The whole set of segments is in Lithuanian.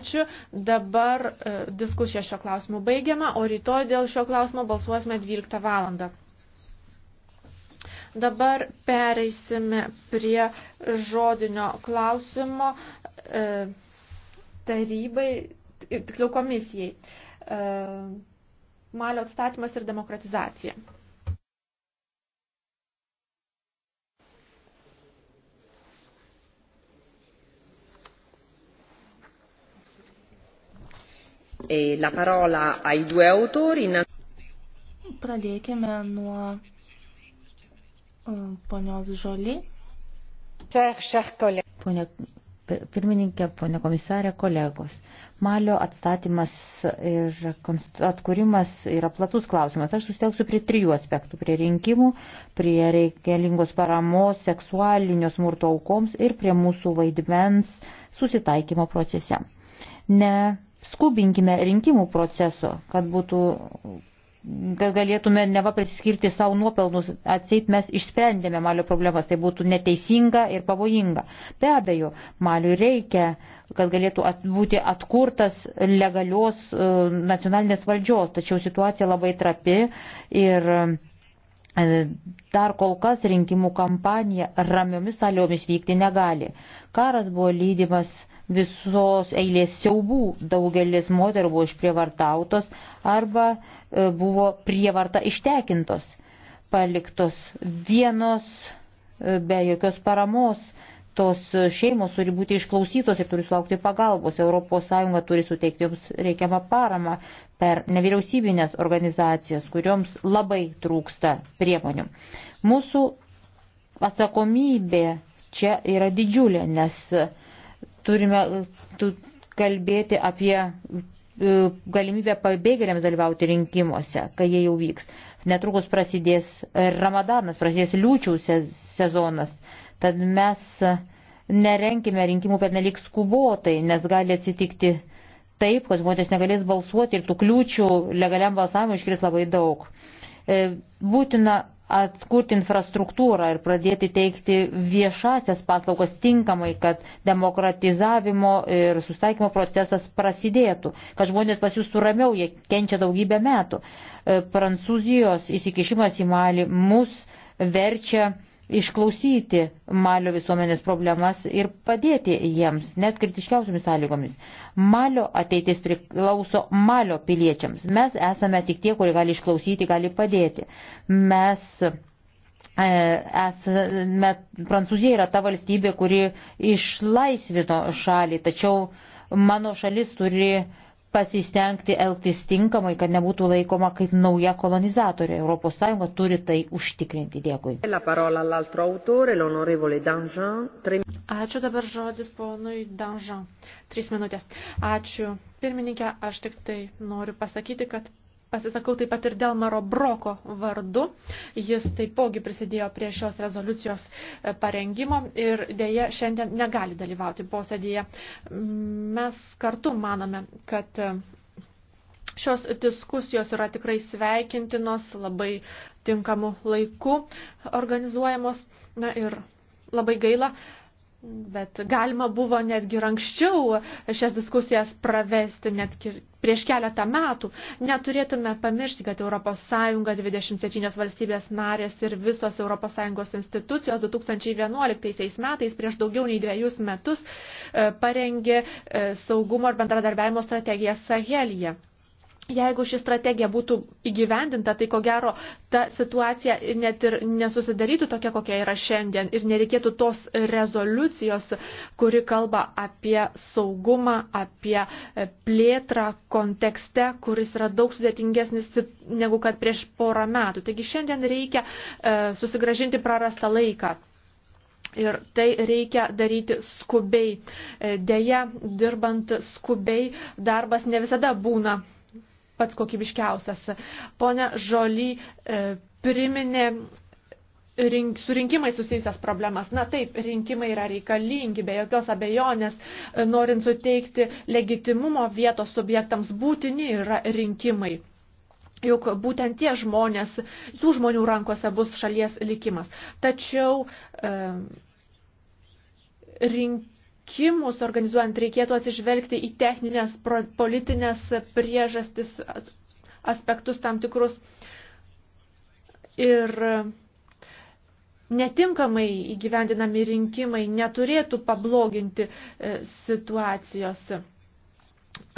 Ačiū. Dabar e, diskusija šio klausimu baigiama, o rytoj dėl šio klausimo balsuosime 12 valandą. Dabar pereisime prie žodinio klausimo e, tarybai, tiksliau komisijai. E, malio atstatymas ir demokratizacija. e la parola ai due autori. Pradėkime nuo uh, ponios Žoli. Pone pirmininkė, ponė komisarė, kolegos. Malio atstatymas ir atkūrimas yra platus klausimas. Aš susitelksiu prie trijų aspektų - prie rinkimų, prie reikalingos paramos seksualinio smurto aukoms ir prie mūsų vaidmens susitaikymo procese. Ne skubinkime rinkimų proceso, kad būtų kad galėtume neva prisiskirti savo nuopelnus, atseit mes išsprendėme malio problemas, tai būtų neteisinga ir pavojinga. Be abejo, maliui reikia, kad galėtų at, būti atkurtas legalios uh, nacionalinės valdžios, tačiau situacija labai trapi ir uh, dar kol kas rinkimų kampanija ramiomis saliomis vykti negali. Karas buvo lydimas uh, visos eilės siaubų. Daugelis moterų buvo išprievartautos arba e, buvo prievarta ištekintos, paliktos vienos e, be jokios paramos. Tos šeimos turi būti išklausytos ir turi sulaukti pagalbos. ES turi suteikti joms reikiamą paramą per nevyriausybinės organizacijas, kurioms labai trūksta priemonių. Mūsų atsakomybė čia yra didžiulė, nes uh, turime kalbėti apie e, galimybę pabėgėliams dalyvauti rinkimuose, kai jie jau vyks. Netrukus prasidės ramadanas, prasidės liūčių sezonas, tad mes nerenkime rinkimų per nelik skubotai, nes gali atsitikti taip, kad žmonės negalės balsuoti ir tų kliūčių legaliam balsavimui iškris labai daug. E, būtina atkurti infrastruktūrą ir pradėti teikti viešasias paslaugas tinkamai, kad demokratizavimo ir sustaikymo procesas prasidėtų, kad žmonės pasijūstų ramiau, jie kenčia daugybę metų. E, Prancūzijos įsikišimas į malį mus verčia išklausyti Malio visuomenės problemas ir padėti jiems, net kritiškiausiamis sąlygomis. Malio ateitis priklauso Malio piliečiams. Mes esame tik tie, kurie gali išklausyti, gali padėti. Mes e, esame, Prancūzija yra ta valstybė, kuri išlaisvino šalį, tačiau mano šalis turi uh, pasistengti elgtis tinkamai, kad nebūtų laikoma kaip nauja kolonizatorė. ES turi tai užtikrinti. Dėkui. Ačiū dabar žodis ponui Danžan. Trys minutės. Ačiū. Pirmininkė, aš tik tai noriu pasakyti, kad pasisakau taip pat ir Delmaro Broko vardu. Jis taipogi prisidėjo prie šios rezoliucijos e, parengimo ir dėja šiandien negali dalyvauti posėdėje. Mes kartu manome, kad e, šios diskusijos yra tikrai sveikintinos, labai tinkamu laiku organizuojamos. Na ir labai gaila, Bet galima buvo netgi ir anksčiau šias diskusijas pravesti, net prieš keletą metų. Neturėtume pamiršti, kad ES 27 valstybės narės ir visos ES institucijos 2011 metais prieš daugiau nei dviejus metus e, parengė e, saugumo ir bendradarbiavimo strategiją Sahelija. Jeigu ši strategija būtų įgyvendinta, tai ko gero ta situacija net ir nesusidarytų tokia, kokia yra šiandien ir nereikėtų tos rezoliucijos, kuri kalba apie saugumą, apie e, plėtrą kontekste, kuris yra daug sudėtingesnis negu kad prieš porą metų. Taigi šiandien reikia e, susigražinti prarastą laiką. Ir tai reikia daryti skubiai. E, deja, dirbant skubiai, darbas ne visada būna pats kokybiškiausias. Pone Žoly e, priminė rink, su rinkimai susijusias problemas. Na taip, rinkimai yra reikalingi, be jokios abejonės, e, norint suteikti legitimumo vietos subjektams būtini yra rinkimai. Juk būtent tie žmonės, tų žmonių rankose bus šalies likimas. Tačiau e, rinkimai rinkimus organizuojant reikėtų atsižvelgti į techninės, politinės priežastis, aspektus tam tikrus. Ir netinkamai įgyvendinami rinkimai neturėtų pabloginti e, situacijos.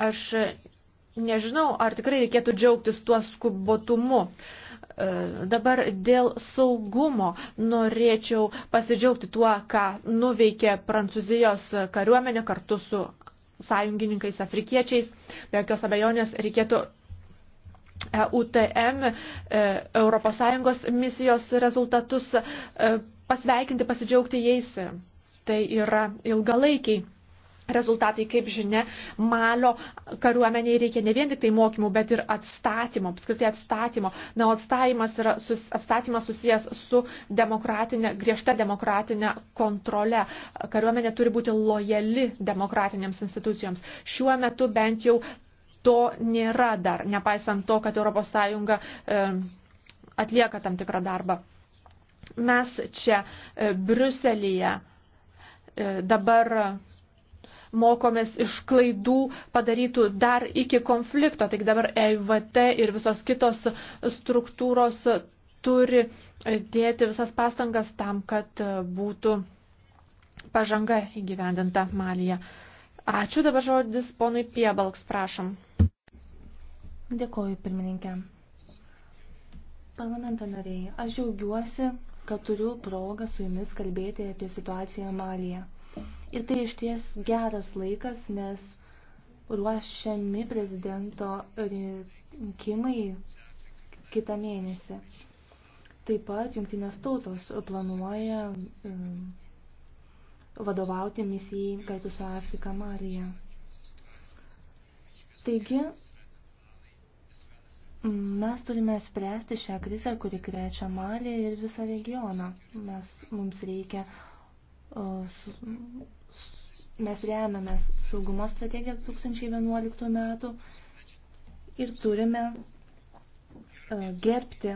Aš nežinau, ar tikrai reikėtų džiaugtis tuo skubotumu. E, dabar dėl saugumo norėčiau pasidžiaugti tuo, ką nuveikė Prancūzijos kariuomenė kartu su sąjungininkais afrikiečiais. Be jokios abejonės reikėtų e UTM ES misijos rezultatus e, pasveikinti, pasidžiaugti jais. Tai yra ilgalaikiai rezultatai, kaip žinia, malio kariuomeniai reikia ne vien tik tai mokymų, bet ir atstatymo, apskritai atstatymo. Na, atstatymas, yra, sus, atstatymas susijęs su demokratinė, griežta demokratinė kontrole. Kariuomenė turi būti lojali demokratinėms institucijoms. Šiuo metu bent jau to nėra dar, nepaisant to, kad ES e, atlieka tam tikrą darbą. Mes čia e, Briuselėje e, dabar mokomės iš klaidų padarytų dar iki konflikto. Tik dabar EIVT ir visos kitos struktūros turi dėti visas pastangas tam, kad būtų pažanga įgyvendinta Malyje. Ačiū dabar žodis ponui Piebalks, prašom. Dėkoju, pirmininkė. Parlamento nariai, aš džiaugiuosi, kad turiu progą su jumis kalbėti apie situaciją Malyje. Ir tai iš ties geras laikas, nes ruošiami prezidento rinkimai kitą mėnesį. Taip pat jungtinės tautos planuoja um, vadovauti misijai kartu su Afrika Marija. Taigi, mes turime spręsti šią krizę, kuri krečia Malį ir visą regioną. Mes, mums reikia uh, su, Mes remiamės saugumo strategiją 2011 metų ir turime uh, gerbti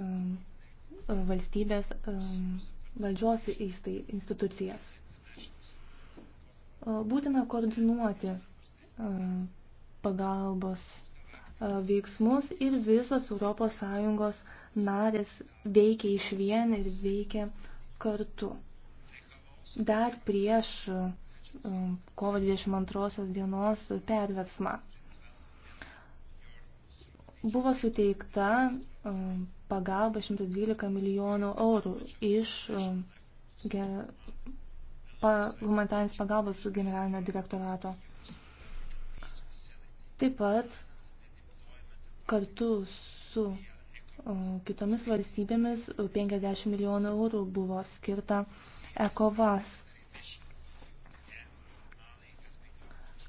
um, valstybės um, valdžios įstai, institucijas. Uh, būtina koordinuoti uh, pagalbos veiksmus ir visos ES narės veikia iš vien ir veikia kartu. Dar prieš uh, Um, kovo 22 dienos perversmą. Buvo suteikta um, pagalba 112 milijonų eurų iš um, humanitarinės pagalbos generalinio direktorato. Taip pat kartu su kitomis valstybėmis 50 milijonų eurų buvo skirta ECOVAS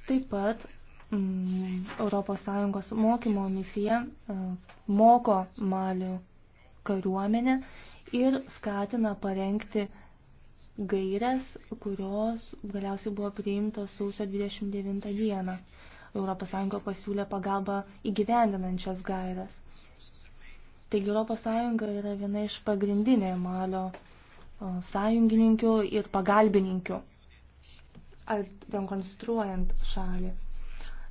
Taip pat mm, ES mokymo misija e, moko Malių kariuomenę ir skatina parengti gairias, kurios galiausiai buvo priimtos sausio 29 dieną. ES pasiūlė pagalbą įgyvendinančias gairias. Taigi ES yra viena iš pagrindinė Malio e, sąjungininkių ir pagalbininkių rekonstruojant šalį.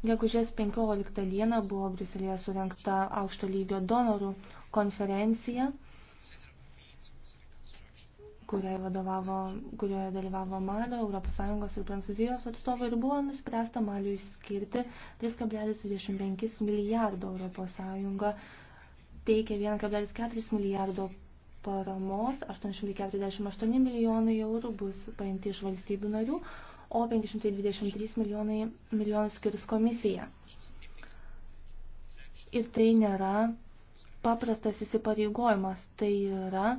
Gegužės 15 dieną buvo Briuselėje surinkta aukšto lygio donorų konferencija, kurioje, vadovavo, kurioje dalyvavo Malio, ES ir Prancūzijos atstovai ir buvo nuspręsta Maliui skirti 3,25 milijardo ES teikia 1,4 milijardo paramos, 848 milijonai eurų bus paimti iš valstybių narių, o 523 milijonai milijonų skirs komisija. Ir tai nėra paprastas įsipareigojimas, tai yra e,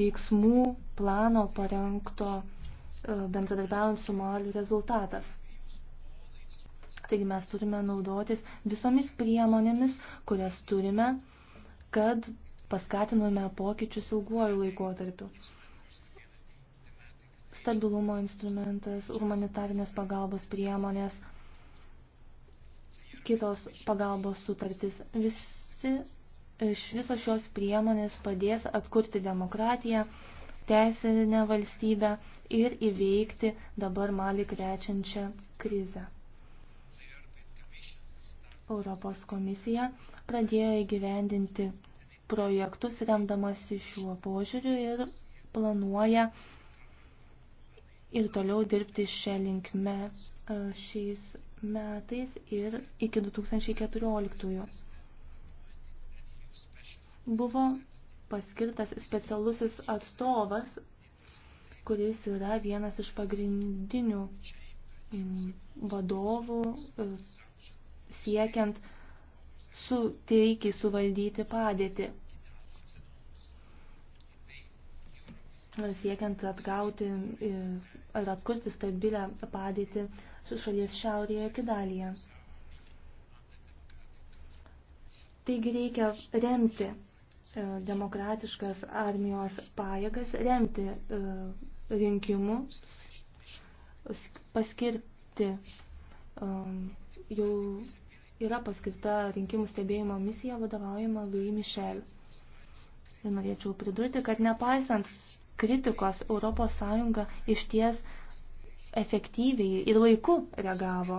veiksmų plano parengto e, bendradarbiaujant su Maliu rezultatas. Taigi mes turime naudotis visomis priemonėmis, kurias turime, kad paskatinume pokyčius ilguoju laikotarpiu stabilumo instrumentas, humanitarinės pagalbos priemonės, kitos pagalbos sutartis. Visi, iš visos šios priemonės padės atkurti demokratiją, teisinę valstybę ir įveikti dabar malį krečiančią krizę. Europos komisija pradėjo įgyvendinti projektus remdamasi šiuo požiūriu ir planuoja uh, ir toliau dirbti šią linkme šiais metais ir iki 2014. Buvo paskirtas specialusis atstovas, kuris yra vienas iš pagrindinių mm, vadovų e, siekiant su teikiai suvaldyti padėtį. siekiant atgauti ir atkurti stabilę padėtį šalies šiaurėje Kidalyje. Taigi reikia remti e, demokratiškas armijos pajėgas, remti e, rinkimus, paskirti e, jau yra paskirta rinkimų stebėjimo misija vadovaujama Louis Michel. Ir norėčiau pridurti, kad nepaisant kritikos ES išties efektyviai ir laiku reagavo.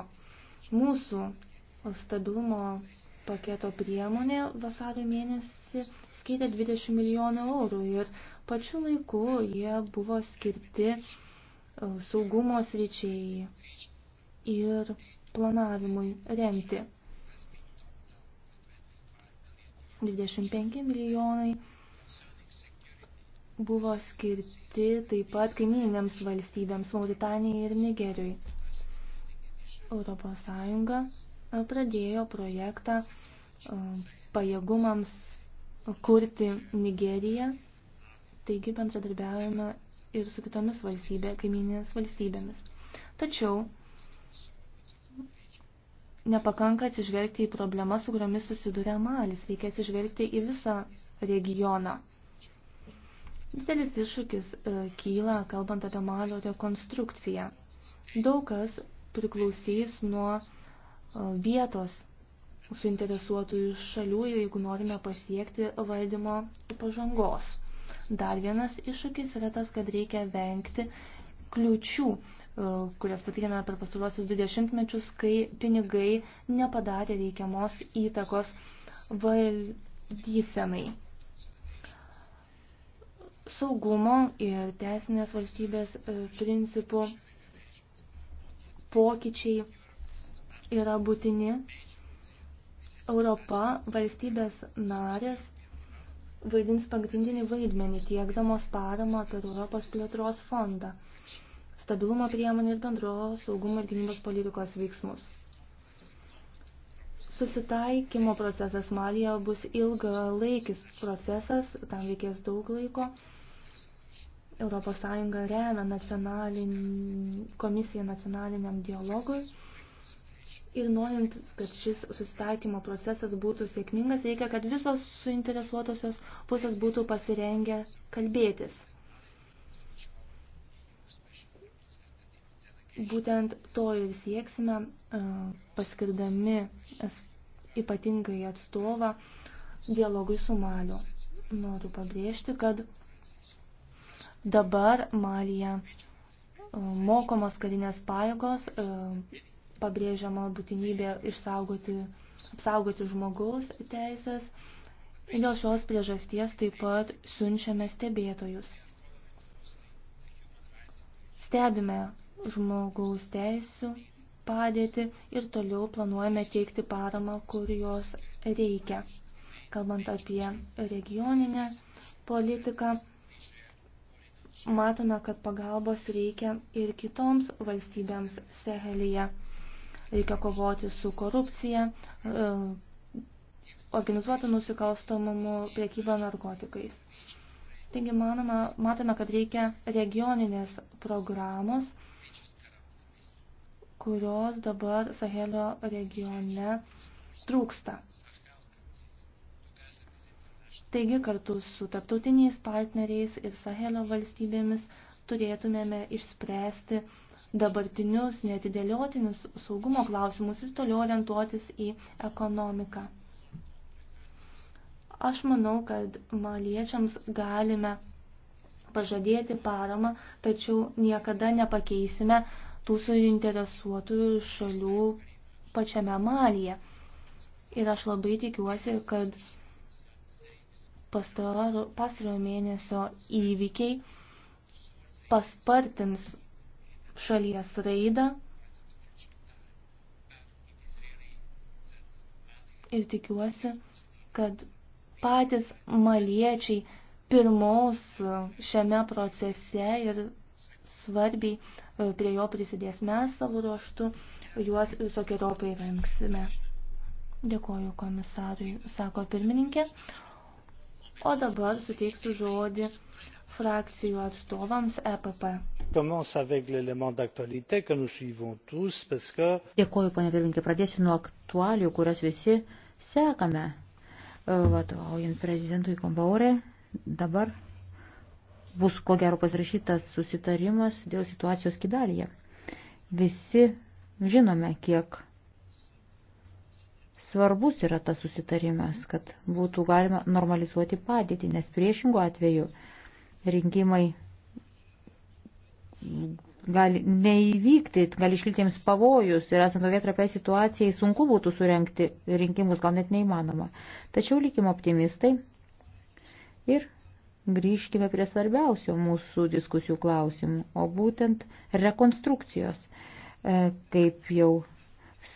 Mūsų stabilumo paketo priemonė vasario mėnesį skyrė 20 milijonų eurų ir pačiu laiku jie buvo skirti e, saugumo sričiai ir planavimui remti. 25 milijonai buvo skirti taip pat kaimininėms valstybėms Mauritanijai ir Nigerijai. Europos Sąjunga pradėjo projektą pajėgumams kurti Nigeriją, taigi bendradarbiavome ir su kitomis valstybė, kaiminės valstybėmis. Tačiau nepakanka atsižvelgti į problemas, su kuriomis susiduria Malis, reikia atsižvelgti į visą regioną. Didelis iššūkis e, kyla, kalbant apie malio rekonstrukciją. Daug kas priklausys nuo e, vietos suinteresuotųjų šalių, jeigu norime pasiekti valdymo pažangos. Dar vienas iššūkis yra tas, kad reikia vengti kliučių, e, kurias patyrėme per pastaruosius 20 mečius, kai pinigai nepadarė reikiamos įtakos valdysenai saugumo ir teisinės valstybės e, principų pokyčiai yra būtini. Europa, valstybės narės vaidins pagrindinį vaidmenį tiekdamos paramą per Europos plėtros fondą, stabilumo priemonį ir bendro saugumo ir gynybos politikos veiksmus. Susitaikymo procesas Malija bus ilgalaikis procesas, tam reikės daug laiko. ES remia nacionalin, komisiją nacionaliniam dialogui. Ir norint, kad šis susitaikymo procesas būtų sėkmingas, reikia, kad visos suinteresuotosios pusės būtų pasirengę kalbėtis. Būtent to ir sieksime, e, paskirdami ypatingai atstovą dialogui su Maliu. Noriu pabrėžti, kad Dabar Malija e, mokomos karinės pajėgos, e, pabrėžiama būtinybė išsaugoti, apsaugoti žmogaus teisės. Dėl šios priežasties taip pat siunčiame stebėtojus. Stebime žmogaus teisų padėtį ir toliau planuojame teikti paramą, kur jos reikia. Kalbant apie regioninę politiką, matome, kad pagalbos reikia ir kitoms valstybėms Sehelyje. Reikia kovoti su korupcija, e, organizuotų nusikalstamumu, priekybą narkotikais. Taigi manoma, matome, kad reikia regioninės programos, kurios dabar Sahelio regione trūksta. Taigi kartu su tarptautiniais partneriais ir Sahelio valstybėmis turėtumėme išspręsti dabartinius netidėliotinius saugumo klausimus ir toliau orientuotis į ekonomiką. Aš manau, kad maliečiams galime pažadėti paramą, tačiau niekada nepakeisime tų suinteresuotų šalių pačiame Malyje. Ir aš labai tikiuosi, kad pastarojo mėnesio įvykiai paspartins šalies raidą ir tikiuosi, kad patys maliečiai pirmaus šiame procese ir svarbiai e, prie jo prisidės mes savo ruoštu, juos visokiojopai rengsime. Dėkoju komisarui, sako pirmininkė. O dabar suteiksiu žodį frakcijų atstovams EPP. Dėkuoju, ponė Virvinkė, pradėsiu nuo aktualijų, kurias visi sekame. E, vadovaujant prezidentui Kombaurė, dabar bus ko gero pasirašytas susitarimas dėl situacijos Kidalyje. Visi žinome, kiek svarbus yra tas susitarimas, kad būtų galima normalizuoti padėtį, nes priešingų atveju rinkimai gali neįvykti, gali iškilti jiems pavojus ir esant tokia trapiai situacijai sunku būtų surenkti rinkimus, gal net neįmanoma. Tačiau likim optimistai ir grįžkime prie svarbiausio mūsų diskusijų klausimų, o būtent rekonstrukcijos, e, kaip jau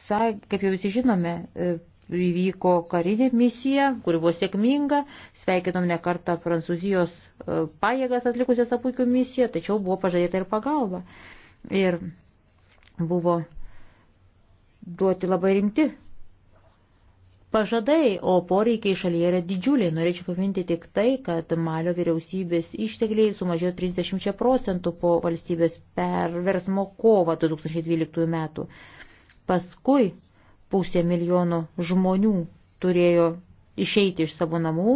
Kaip jau visi žinome, e, įvyko karinė misija, kuri buvo sėkminga, sveikinom ne kartą Prancūzijos e, pajėgas atlikusias tą puikių misiją, tačiau buvo pažadėta ir pagalba. Ir buvo duoti labai rimti pažadai, o poreikiai šalyje yra didžiuliai. Norėčiau paminti tik tai, kad Malio vyriausybės ištekliai sumažėjo 30 procentų po valstybės perversmo kovo 2012 metų. Paskui pusė milijono žmonių turėjo išeiti iš savo namų,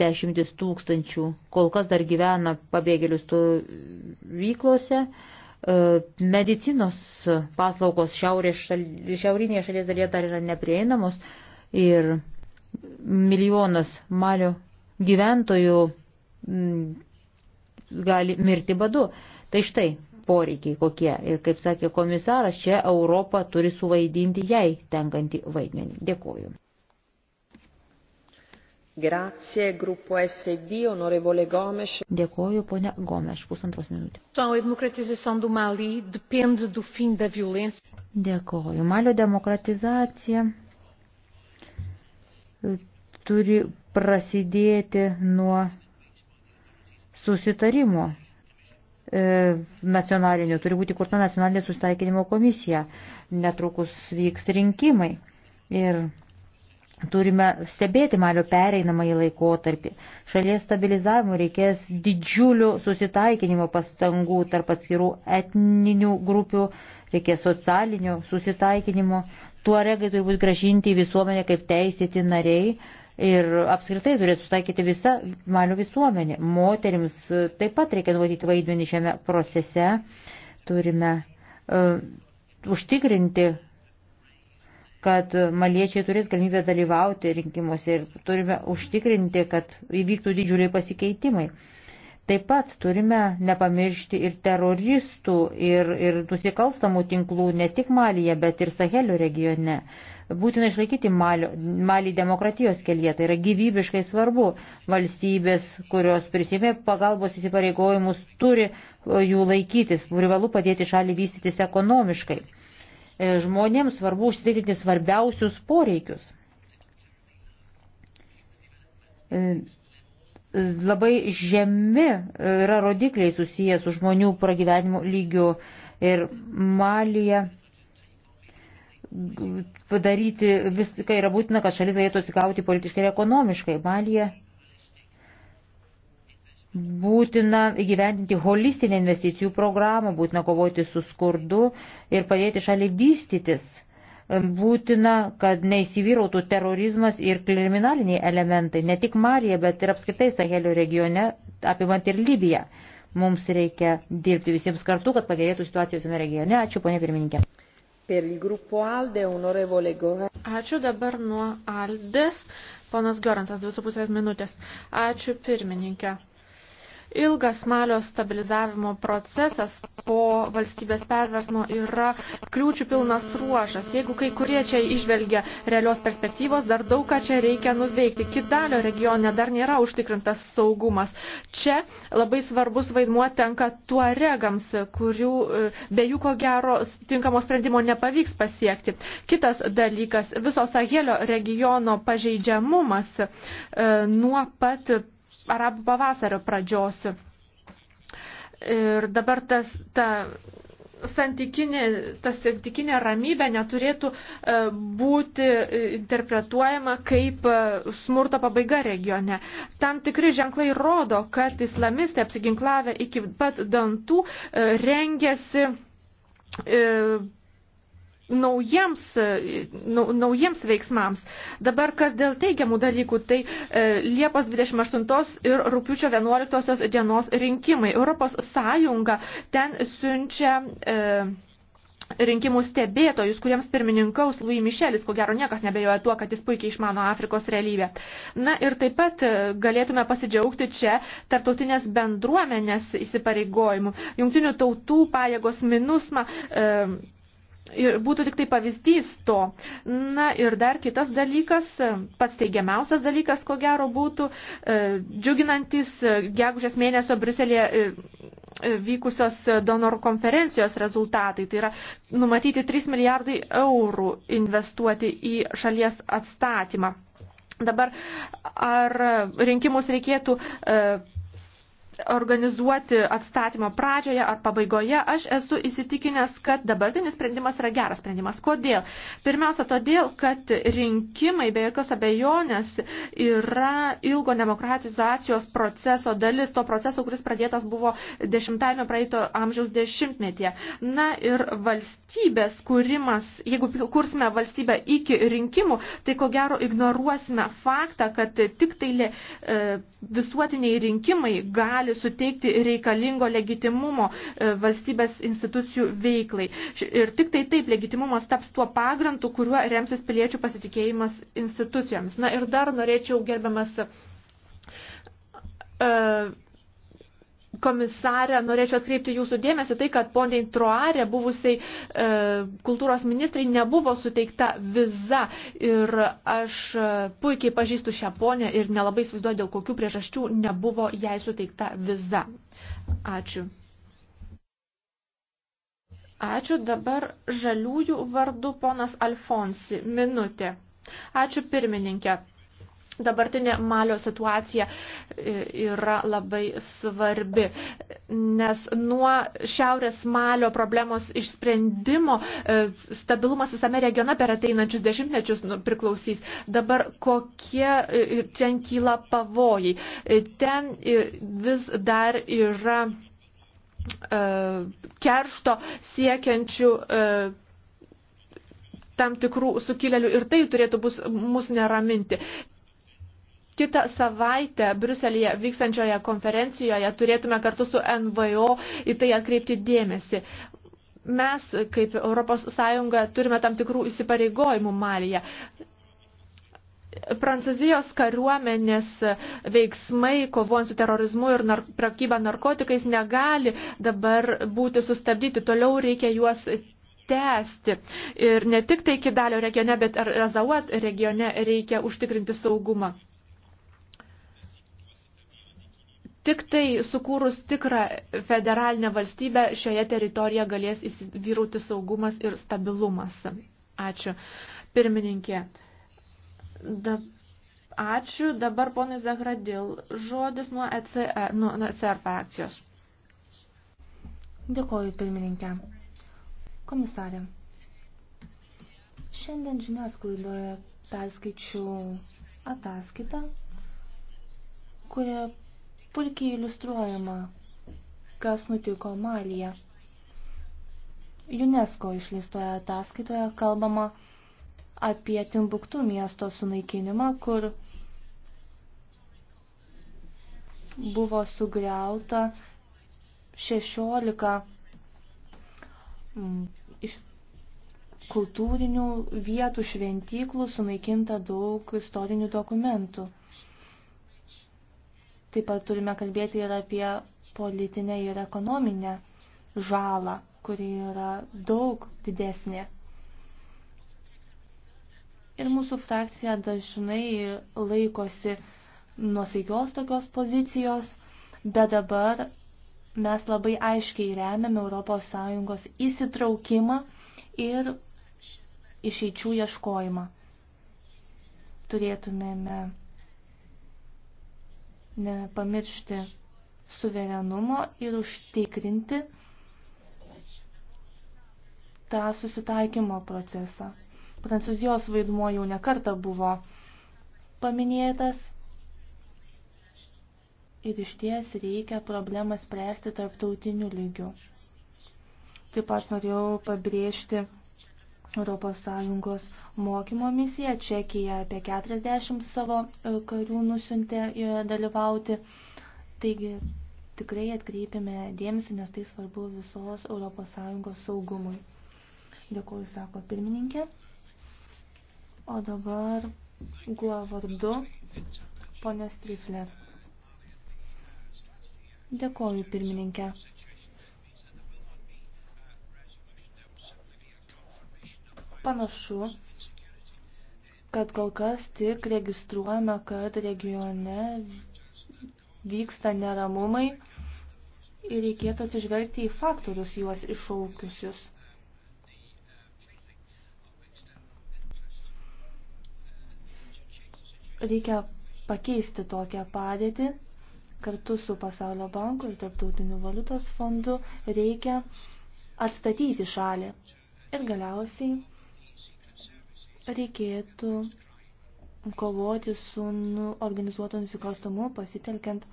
dešimtis tūkstančių kol kas dar gyvena pabėgėlių stovyklose, e, medicinos paslaugos šiaurės šal, šiaurinėje šalies dalyje dar yra neprieinamos ir milijonas malio gyventojų gali mirti badu. Tai štai, poreikiai kokie. Ir kaip sakė komisaras, čia Europa turi suvaidinti jai tenkantį vaidmenį. Dėkuoju. Grazie, gruppo SD, onorevole Gomes. Dėkuoju, ponia Gomes, pusantros minutės. Dėkuoju. Malio demokratizacija turi prasidėti nuo susitarimo E, nacionaliniu, turi būti kurta nacionalinė sustaikinimo komisija. Netrukus vyks rinkimai ir turime stebėti malio pereinamąjį laikotarpį. Šalies stabilizavimui reikės didžiulių susitaikinimo pastangų tarp atskirų etninių grupių, reikės socialinio susitaikinimo. Tuo regai turi būti gražinti į visuomenę kaip teisėti nariai ir apskritai turėtų taikyti visa Malio visuomenė. Moterims e, taip pat reikia nuotyti vaidmenį šiame procese. Turime uh, užtikrinti, kad maliečiai turės galimybę dalyvauti rinkimuose ir turime užtikrinti, kad įvyktų didžiuliai pasikeitimai. Taip pat turime nepamiršti ir teroristų, ir, ir nusikalstamų tinklų ne tik Malyje, bet ir Sahelio regione. Uh, Būtina išlaikyti malio, malį demokratijos kelyje, tai yra gyvybiškai svarbu. Valstybės, kurios prisimė pagalbos įsipareigojimus, turi e, jų laikytis, privalu padėti šalį vystytis ekonomiškai. E, žmonėms svarbu užtikrinti svarbiausius poreikius. E, labai žemi yra rodikliai susijęs su žmonių pragyvenimo lygiu ir malyje padaryti viską yra būtina, kad šalis galėtų atsigauti politiškai ir ekonomiškai. Malija būtina įgyvendinti holistinę investicijų programą, būtina kovoti su skurdu ir padėti šaliai vystytis. Būtina, kad neįsivyrautų terorizmas ir kriminaliniai elementai, ne tik Marija, bet ir apskritai Sahelio regione, apimant ir Libiją. Mums reikia dirbti visiems kartu, kad pagerėtų situacija visame regione. Ačiū, ponė pirmininkė. Ačiū dabar nuo Aldės. Ponas Goransas, 2,5 minutės. Ačiū pirmininkė. Ilgas malio stabilizavimo procesas po valstybės perversmo yra kliūčių pilnas ruožas. Jeigu kai kurie čia išvelgia realios perspektyvos, dar daug ką čia reikia nuveikti. Kidalio regione dar nėra užtikrintas saugumas. Čia labai svarbus vaidmuo tenka tuaregams, kurių e, be jų ko gero tinkamo sprendimo nepavyks pasiekti. Kitas dalykas - viso Sahelio regiono pažeidžiamumas e, nuo pat arabų pavasario pradžios. Ir dabar tas, ta santykinė, ta santykinė ramybė neturėtų e, būti interpretuojama kaip e, smurto pabaiga regione. Tam tikri ženklai rodo, kad islamistai apsiginklavę iki pat dantų e, rengiasi naujiems, e, naujiems veiksmams. Dabar kas dėl teigiamų dalykų, tai e, Liepos 28 ir Rūpiučio 11 dienos rinkimai. Europos Sąjunga ten siunčia. E, rinkimų stebėtojus, kuriems pirmininkaus Louis Michelis, ko gero niekas nebejoja tuo, kad jis puikiai išmano Afrikos realybę. Na ir taip pat e, galėtume pasidžiaugti čia tarptautinės bendruomenės įsipareigojimu. Jungtinių tautų pajėgos minusma. E, Ir būtų tik tai pavyzdys to. Na ir dar kitas dalykas, pats teigiamiausias dalykas, ko gero būtų e, džiuginantis e, gegužės mėnesio Bruselėje e, e, vykusios e, donorų konferencijos rezultatai. Tai yra numatyti 3 milijardai eurų investuoti į šalies atstatymą. Dabar ar rinkimus reikėtų e, organizuoti atstatymo pradžioje ar pabaigoje, aš esu įsitikinęs, kad dabartinis sprendimas yra geras sprendimas. Kodėl? Pirmiausia, todėl, kad rinkimai be jokios abejonės yra ilgo demokratizacijos proceso dalis, to proceso, kuris pradėtas buvo dešimtajame praeito amžiaus dešimtmetyje. Na ir valstybės kūrimas, jeigu kursime valstybę iki rinkimų, tai ko gero ignoruosime faktą, kad tik tai e, visuotiniai rinkimai gali gali suteikti reikalingo legitimumo e, valstybės institucijų veiklai. Ir tik tai taip legitimumas taps tuo pagrindu, kuriuo remsis piliečių pasitikėjimas institucijomis. Na ir dar norėčiau gerbiamas. Uh, komisarė, norėčiau atkreipti jūsų dėmesį tai, kad poniai Troarė, buvusiai e, kultūros ministrai, nebuvo suteikta viza. Ir aš e, puikiai pažįstu šią ponę ir nelabai įsivaizduoju, dėl kokių priežasčių nebuvo jai suteikta viza. Ačiū. Ačiū dabar žaliųjų vardu ponas Alfonsi. Minutė. Ačiū pirmininkė. Dabartinė Malio situacija e, yra labai svarbi, nes nuo šiaurės Malio problemos išsprendimo e, stabilumas visame regione per ateinančius dešimtmečius nu, priklausys. Dabar kokie e, ten kyla pavojai. Ten vis dar yra keršto siekiančių tam tikrų sukilėlių ir tai turėtų bus, mus neraminti. Kitą savaitę Bruselėje vykstančioje konferencijoje turėtume kartu su NVO į tai atkreipti dėmesį. Mes, kaip ES, turime tam tikrų įsipareigojimų Malyje. Prancūzijos kariuomenės veiksmai, kovojant su terorizmu ir nar prekyba narkotikais, negali dabar būti sustabdyti. Toliau reikia juos tęsti. Ir ne tik tai Kidalio regione, bet ir Razauat regione reikia užtikrinti saugumą. Tik tai sukūrus tikrą federalinę valstybę šioje teritorijoje galės įsivyrauti saugumas ir stabilumas. Ačiū. Pirmininkė. Da, ačiū. Dabar ponui Zahradil. Žodis nuo ECR, nuo ECR frakcijos. Dėkoju, pirmininkė. Komisarė. Šiandien žiniasklaidoje perskaičiau ataskaitą, kurioje puikiai iliustruojama, kas nutiko Malyje. UNESCO išleistoje ataskaitoje kalbama apie Timbuktų miesto sunaikinimą, kur buvo sugriauta 16 mm, iš kultūrinių vietų šventyklų sunaikinta daug istorinių dokumentų. Taip pat turime kalbėti ir apie politinę ir ekonominę žalą, kuri yra daug didesnė. Ir mūsų frakcija dažnai laikosi nuosaikios tokios pozicijos, bet dabar mes labai aiškiai remiame ES įsitraukimą ir išeičių ieškojimą. Turėtumėme nepamiršti suverenumo ir užtikrinti tą susitaikymo procesą. Prancūzijos vaidmuo jau nekarta buvo paminėtas ir iš ties reikia problemą spręsti tarptautiniu lygiu. Taip pat norėjau pabrėžti ES mokymo misija. Čekija apie 40 savo e, karių nusintė joje dalyvauti. Taigi tikrai atkreipime dėmesį, nes tai svarbu visos ES saugumui. Dėkuoju, sako pirmininkė. O dabar guo vardu ponė Strifler. Dėkuoju, pirmininkė. Panašu, kad kol kas tik registruojame, kad regione vyksta neramumai ir reikėtų atsižvelgti į faktorius juos iššaukiusius. Reikia pakeisti tokią padėtį kartu su Pasaulio banku ir Tarptautiniu valiutos fondu reikia atstatyti šalį. Ir galiausiai reikėtų kovoti su nu, organizuotu nusikalstamu pasitelkiant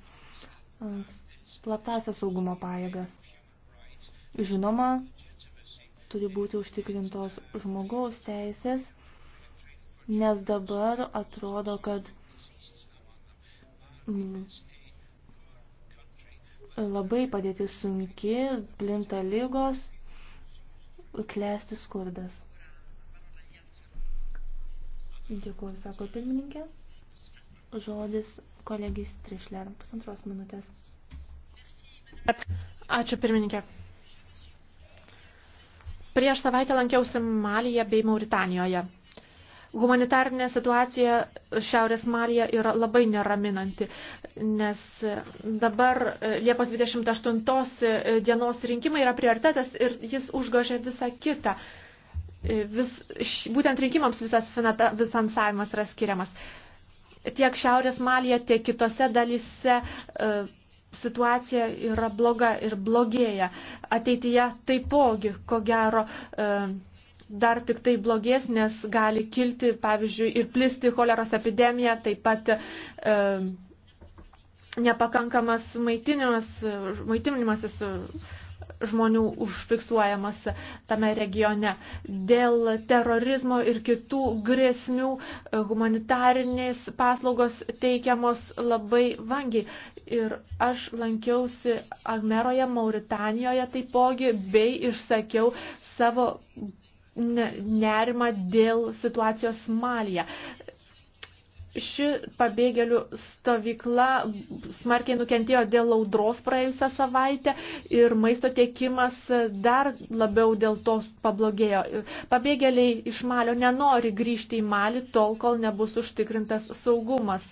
slaptasias saugumo pajėgas. Žinoma, turi būti užtikrintos žmogaus teisės, nes dabar atrodo, kad labai padėtis sunki, plinta lygos, klesti skurdas. Dėkuoju, sako pirmininkė. Žodis kolegijai Strišler, pusantros minutės. Ačiū pirmininkė. Prieš savaitę lankiausi Malyje bei Mauritanijoje. Humanitarinė situacija Šiaurės Malija yra labai neraminanti, nes dabar Liepos 28 dienos rinkimai yra prioritetas ir jis užgožia visą kitą vis, būtent rinkimams visas finansavimas yra skiriamas. Tiek Šiaurės Malija, tiek kitose dalyse e, situacija yra bloga ir blogėja. Ateityje taipogi, ko gero, e, dar tik tai blogės, nes gali kilti, pavyzdžiui, ir plisti choleros epidemija, taip pat e, nepakankamas maitinimas, maitinimasis žmonių užfiksuojamas tame regione. Dėl terorizmo ir kitų grėsmių e, humanitarinės paslaugos teikiamos labai vangiai. Ir aš lankiausi Agmeroje, Mauritanijoje taipogi, bei išsakiau savo nerimą dėl situacijos Malija. Ši pabėgėlių stovykla smarkiai nukentėjo dėl audros praėjusią savaitę ir maisto tiekimas dar labiau dėl to pablogėjo. Pabėgėliai iš Malio nenori grįžti į Malį tol, kol nebus užtikrintas saugumas.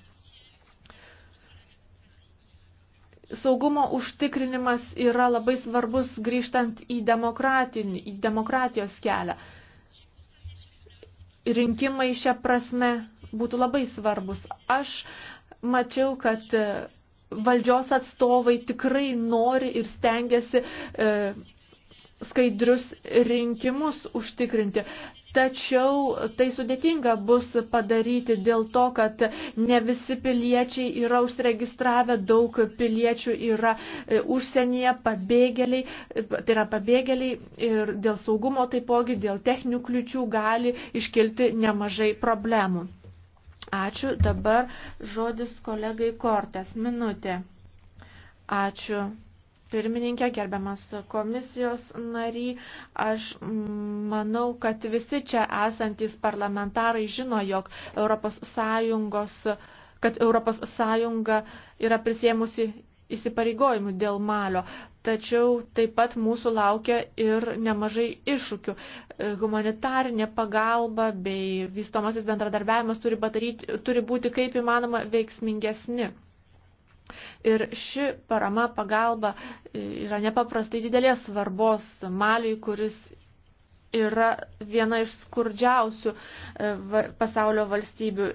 Saugumo užtikrinimas yra labai svarbus grįžtant į, į demokratijos kelią. Rinkimai šią prasme būtų labai svarbus. Aš mačiau, kad e, valdžios atstovai tikrai nori ir stengiasi e, skaidrius rinkimus užtikrinti. Tačiau tai sudėtinga bus padaryti dėl to, kad ne visi piliečiai yra užsiregistravę, daug piliečių yra e, užsienyje, pabėgėliai, e, tai yra pabėgėliai ir dėl saugumo taipogi, dėl techninių kliučių gali iškilti nemažai problemų. Ačiū. Dabar žodis kolegai Kortės. Minutė. Ačiū. Pirmininkė, gerbiamas komisijos nary, aš manau, kad visi čia esantys parlamentarai žino, jog ES, kad ES yra prisėmusi įsipareigojimų dėl malio, tačiau taip pat mūsų laukia ir nemažai iššūkių. E, humanitarinė pagalba bei vystomasis bendradarbiavimas turi, padaryti, turi būti kaip įmanoma veiksmingesni. Ir ši parama pagalba e, yra nepaprastai didelės svarbos maliui, kuris yra viena iš skurdžiausių e, pasaulio valstybių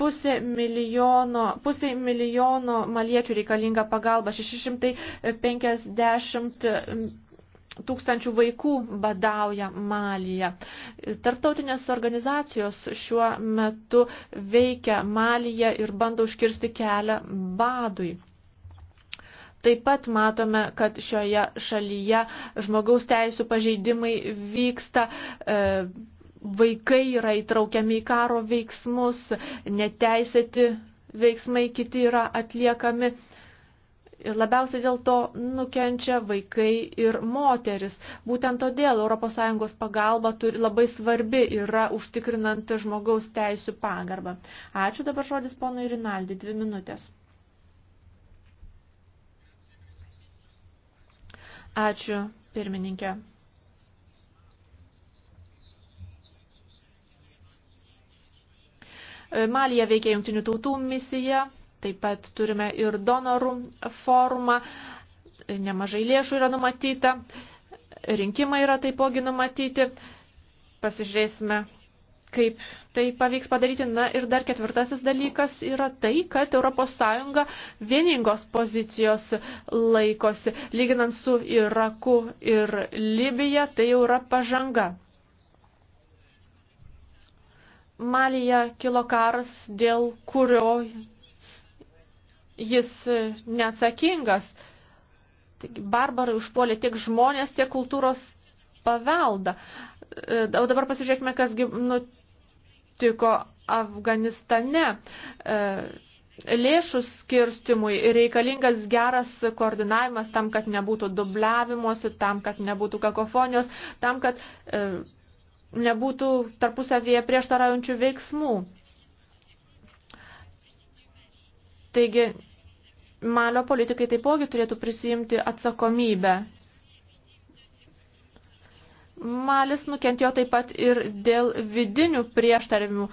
pusė milijono, pusė milijono maliečių reikalinga pagalba, 650 tūkstančių vaikų badauja Malyje. Tarptautinės organizacijos šiuo metu veikia Malyje ir bando užkirsti kelią badui. Taip pat matome, kad šioje šalyje žmogaus teisų pažeidimai vyksta. E, vaikai yra įtraukiami į karo veiksmus, neteisėti veiksmai kiti yra atliekami. Ir labiausiai dėl to nukenčia vaikai ir moteris. Būtent todėl ES pagalba turi, labai svarbi yra užtikrinant žmogaus teisų pagarbą. Ačiū dabar žodis ponui Rinaldi, dvi minutės. Ačiū, pirmininkė. E, Malija veikia jungtinių tautų misija, taip pat turime ir donorų forumą, e, nemažai lėšų yra numatyta, rinkimai yra taipogi numatyti. Pasižiūrėsime, kaip tai pavyks padaryti. Na ir dar ketvirtasis dalykas yra tai, kad ES vieningos pozicijos laikosi. Lyginant su Iraku ir Libija, tai jau yra pažanga. Malija kilo karas, dėl kurio jis neatsakingas. Taigi, barbarai užpuolė tiek žmonės, tiek kultūros paveldą. E, o dabar pasižiūrėkime, kasgi nutiko Afganistane. E, lėšų skirstimui reikalingas geras koordinavimas tam, kad nebūtų dubliavimuose, tam, kad nebūtų kakofonijos, tam, kad e, nebūtų tarpusavėje prieštaraujančių veiksmų. Taigi, Malio politikai taipogi turėtų prisijimti atsakomybę. Malis nukentėjo taip pat ir dėl vidinių prieštaravimų.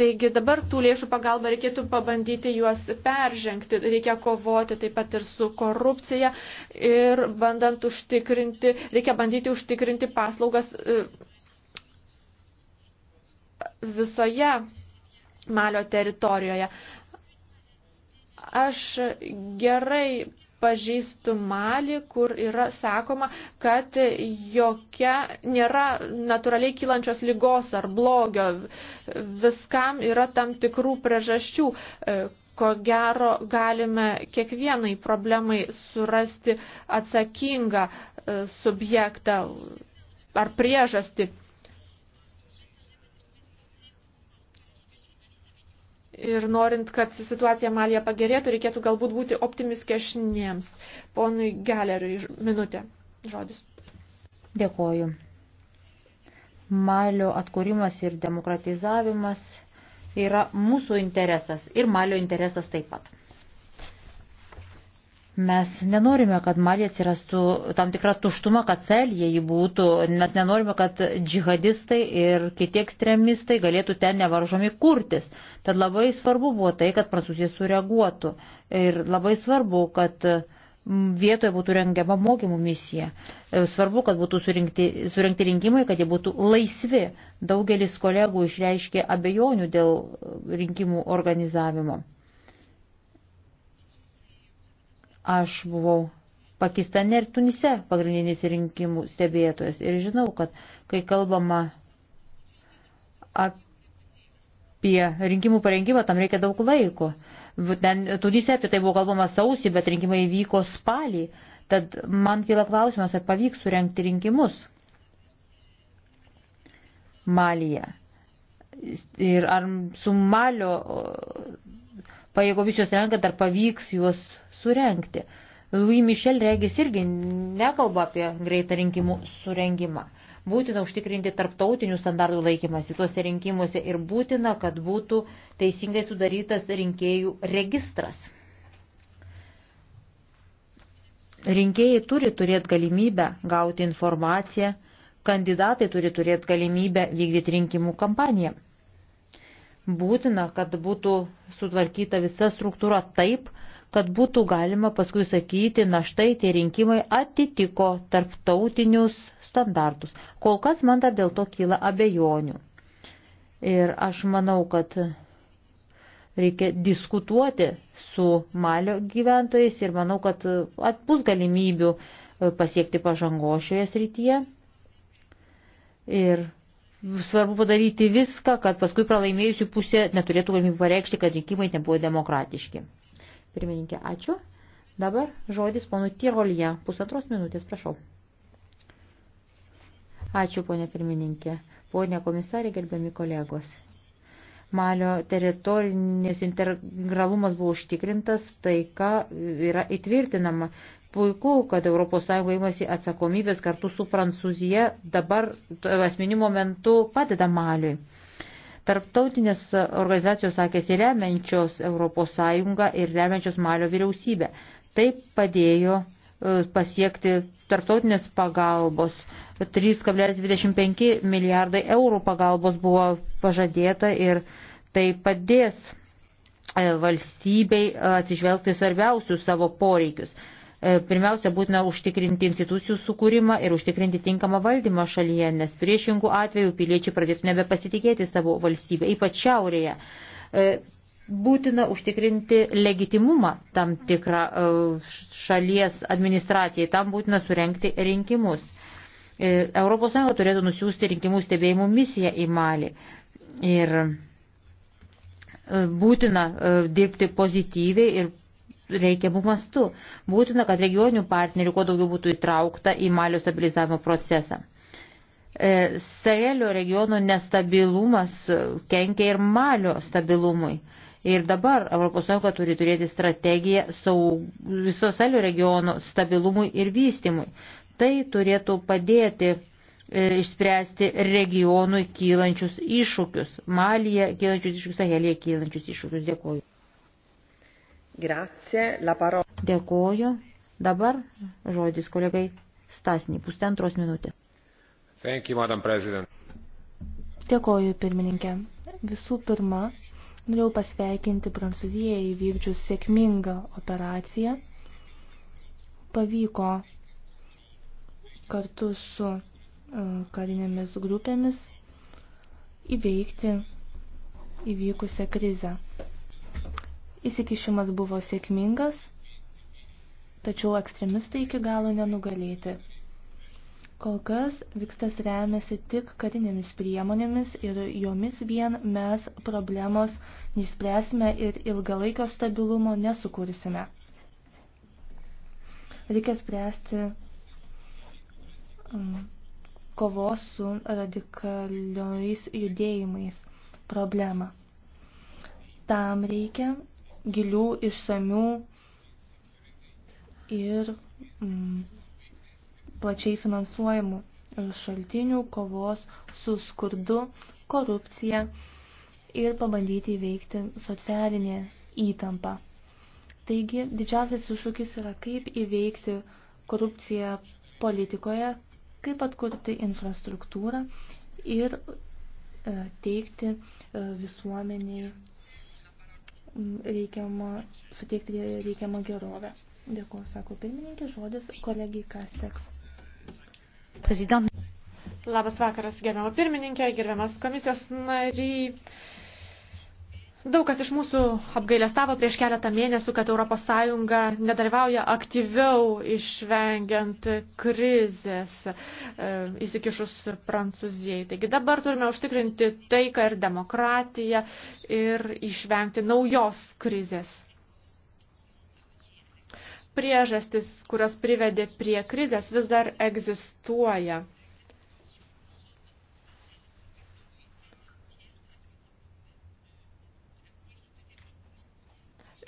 Taigi dabar tų lėšų pagalba reikėtų pabandyti juos peržengti. Reikia kovoti taip pat ir su korupcija ir bandant užtikrinti, reikia bandyti užtikrinti paslaugas e, visoje Malio teritorijoje. Aš gerai pažįstu Mali, kur yra sakoma, kad jokia nėra natūraliai kylančios lygos ar blogio. Viskam yra tam tikrų priežasčių. E, ko gero galime kiekvienai problemai surasti atsakingą e, subjektą ar priežastį. Ir norint, kad situacija Malija pagerėtų, reikėtų galbūt būti optimiskešniems. Ponui Galeriui minutė. Žodis. Dėkoju. Malio atkūrimas ir demokratizavimas yra mūsų interesas ir Malio interesas taip pat. Mes nenorime, kad Malija atsirastų tam tikra tuštuma, kad Selija jį būtų. Mes nenorime, kad džihadistai ir kiti ekstremistai galėtų ten nevaržomi kurtis. Tad labai svarbu buvo tai, kad Prancūzija sureaguotų. Ir labai svarbu, kad vietoje būtų rengiama mokymų misija. E, svarbu, kad būtų surinkti, surinkti rinkimai, kad jie būtų laisvi. Daugelis kolegų išreiškė abejonių dėl rinkimų organizavimo. Aš buvau Pakistane ir Tunise pagrindinis rinkimų stebėtojas ir žinau, kad kai kalbama apie rinkimų parengimą, tam reikia daug laiko. Ten Tunise apie tai buvo kalbama sausį, bet rinkimai vyko spalį. Tad man kila klausimas, ar pavyks surenkti rinkimus Malyje. Ir ar su Malio uh, pajėgomis juos renkant, ar pavyks juos surenkti. Louis Michel regis irgi nekalba apie greitą rinkimų surengimą. Būtina užtikrinti tarptautinių standartų laikymasi tuose rinkimuose ir būtina, kad būtų teisingai sudarytas rinkėjų registras. Rinkėjai turi turėti galimybę gauti informaciją, kandidatai turi turėti galimybę vykdyti rinkimų kampaniją. Būtina, kad būtų sutvarkyta visa struktūra taip, kad būtų galima paskui sakyti, na štai tie rinkimai atitiko tarptautinius standartus. Kol kas man dar dėl to kyla abejonių. Ir aš manau, kad reikia diskutuoti su Malio gyventojais ir manau, kad bus galimybių e, pasiekti pažango šioje srityje. Ir svarbu padaryti viską, kad paskui pralaimėjusių pusė neturėtų galimybių pareikšti, kad rinkimai nebuvo demokratiški. Pirmininkė, ačiū. Dabar žodis ponų Tirolija. Pusantros minutės, prašau. Ačiū, ponė pirmininkė. Ponė komisarė, gerbiami kolegos. Malio teritorinis integralumas buvo užtikrintas, taika yra įtvirtinama. Puiku, kad ES imasi atsakomybės kartu su Prancūzija dabar asmeniniu momentu padeda Maliui. Tarptautinės organizacijos sakėsi remiančios ES ir remiančios Malio vyriausybę. Tai padėjo e, pasiekti tarptautinės pagalbos. 3,25 milijardai eurų pagalbos buvo pažadėta ir tai padės e, valstybei e, atsižvelgti svarbiausius savo poreikius. E, pirmiausia, būtina užtikrinti institucijų sukūrimą ir užtikrinti tinkamą valdymą šalyje, nes priešingų atveju piliečiai pradėtų nebepasitikėti savo valstybę, ypač šiaurėje. E, būtina užtikrinti legitimumą tam tikrą e, šalies administracijai, tam būtina surenkti rinkimus. ES turėtų nusiųsti rinkimų stebėjimų misiją į Malį. Ir būtina dirbti pozityviai ir reikiamų mastų. Būtina, kad regioninių partnerių kuo daugiau būtų įtraukta į Malio stabilizavimo procesą. E, Sahelio regiono nestabilumas kenkia ir Malio stabilumui. Ir dabar ES turi turėti strategiją viso Sahelio regiono stabilumui ir vystimui. Tai turėtų padėti e, išspręsti regionui kylančius iššūkius. Malija kylančius iššūkius, Sahelija kylančius iššūkius. Dėkuoju. Grazie, la parola. Dėkoju. Dabar žodis kolegai Stasny, pusantros minutės. Thank you, Madam President. Dėkoju, pirmininkė. Visų pirma, norėjau pasveikinti Prancūziją įvykdžius sėkmingą operaciją. Pavyko kartu su e, karinėmis grupėmis įveikti įvykusią krizę. Įsikišimas buvo sėkmingas, tačiau ekstremistai iki galo nenugalėti. Kol kas Vikstas remiasi tik karinėmis priemonėmis ir jomis vien mes problemos neišspręsime ir ilgalaikio stabilumo nesukursime. Reikia spręsti mm, kovos su radikaliais judėjimais problemą. Tam reikia gilių, išsamių ir mm, plačiai finansuojamų e, šaltinių kovos su skurdu, korupcija ir pabandyti įveikti socialinę įtampą. Taigi, didžiausias iššūkis yra kaip įveikti korupciją politikoje, kaip atkurti infrastruktūrą ir e, teikti e, visuomeniai reikiamą, suteikti reikiamą gerovę. Dėkuoju, sako pirmininkė, žodis kolegijai Kasteks. Labas vakaras, gerbiama pirmininkė, gerbiamas komisijos nariai. Daug kas iš mūsų apgailestavo prieš keletą mėnesių, kad ES nedalyvauja aktyviau išvengiant krizės e, įsikišus Prancūzijai. Taigi dabar turime užtikrinti taiką ir demokratiją ir išvengti naujos krizės. Priežastis, kurios privedė prie krizės, vis dar egzistuoja.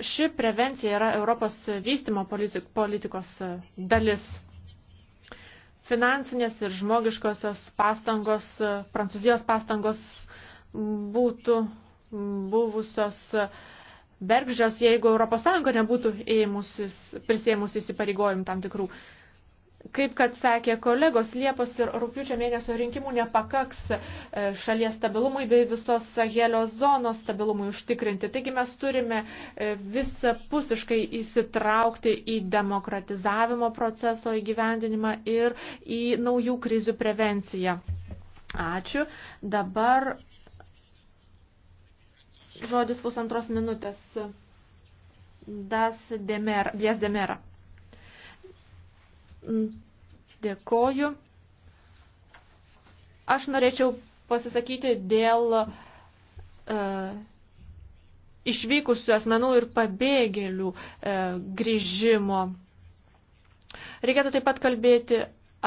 ši prevencija yra Europos vystimo politikos e, dalis. Finansinės ir žmogiškosios pastangos, e, prancūzijos pastangos būtų buvusios e, bergždžios, jeigu ES nebūtų prisėmusi įsipareigojimų tam tikrų. Kaip kad sakė kolegos, Liepos ir rūpiučio mėnesio rinkimų nepakaks e, šalies stabilumui bei visos Sahelio zonos stabilumui užtikrinti. Taigi mes turime e, visapusiškai įsitraukti į demokratizavimo proceso įgyvendinimą ir į naujų krizių prevenciją. Ačiū. Dabar žodis pusantros minutės. Das demer, Dies demera. Mm, dėkoju. Aš norėčiau pasisakyti dėl uh, išvykusių asmenų ir pabėgėlių uh, grįžimo. Reikėtų taip pat kalbėti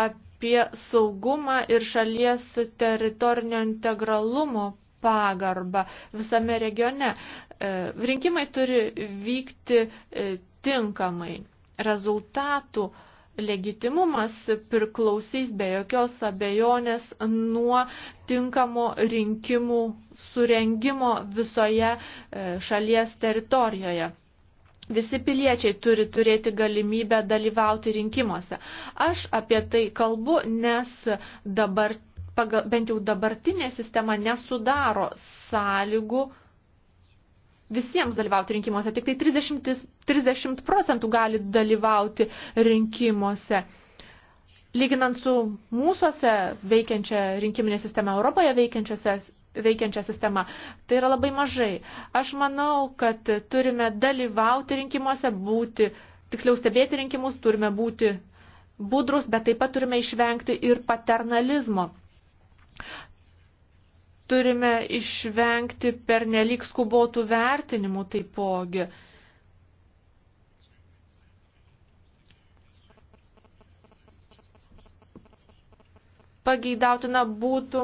apie saugumą ir šalies teritorinio integralumo pagarbą visame regione. E, rinkimai turi vykti tinkamai. Rezultatų uh, legitimumas priklausys be jokios abejonės nuo tinkamo rinkimų surengimo visoje e, šalies teritorijoje. Visi piliečiai turi turėti galimybę dalyvauti rinkimuose. Aš apie tai kalbu, nes dabar, pagal, bent jau dabartinė sistema nesudaro sąlygų visiems dalyvauti rinkimuose, tik tai 30, 30 procentų gali dalyvauti rinkimuose. Lyginant su mūsųse veikiančia rinkiminė sistema, Europoje veikiančia sistema, tai yra labai mažai. Aš manau, kad turime dalyvauti rinkimuose, būti, tiksliau stebėti rinkimus, turime būti budrus, bet taip pat turime išvengti ir paternalizmo turime išvengti per nelik skubotų vertinimų taipogi. Pageidautina būtų,